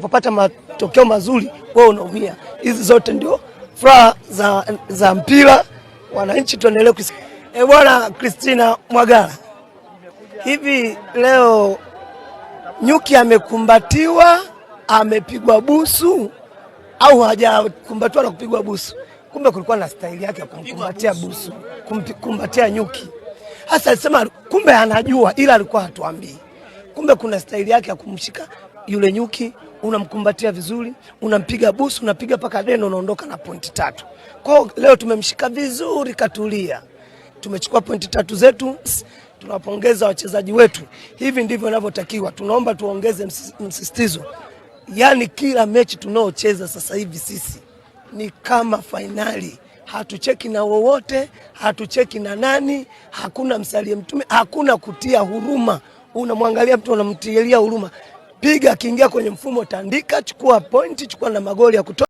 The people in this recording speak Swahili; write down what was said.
Unapopata matokeo mazuri wewe unaumia. Hizi zote ndio furaha za, za mpira. Wananchi tuendelee kus... E eh, bwana Christina Mwagala, hivi leo nyuki amekumbatiwa amepigwa busu au hajakumbatiwa na kupigwa busu? Kumbe kulikuwa na staili yake ya kumkumbatia busu, kumkumbatia nyuki. Hasa alisema kumbe anajua, ila alikuwa hatuambii. Kumbe kuna staili yake ya kumshika yule nyuki unamkumbatia vizuri, unampiga busu, unapiga paka deno, unaondoka na pointi tatu. Kwa hiyo leo tumemshika vizuri, katulia, tumechukua pointi tatu zetu. Tunawapongeza wachezaji wetu, hivi ndivyo inavyotakiwa. Tunaomba tuongeze msisitizo, yaani kila mechi tunaocheza sasa hivi sisi ni kama fainali. Hatucheki na wowote, hatucheki na nani, hakuna msalie mtume, hakuna kutia huruma. Unamwangalia mtu unamtilia huruma piga, akiingia kwenye mfumo tandika, chukua pointi, chukua na magoli ya kutoa.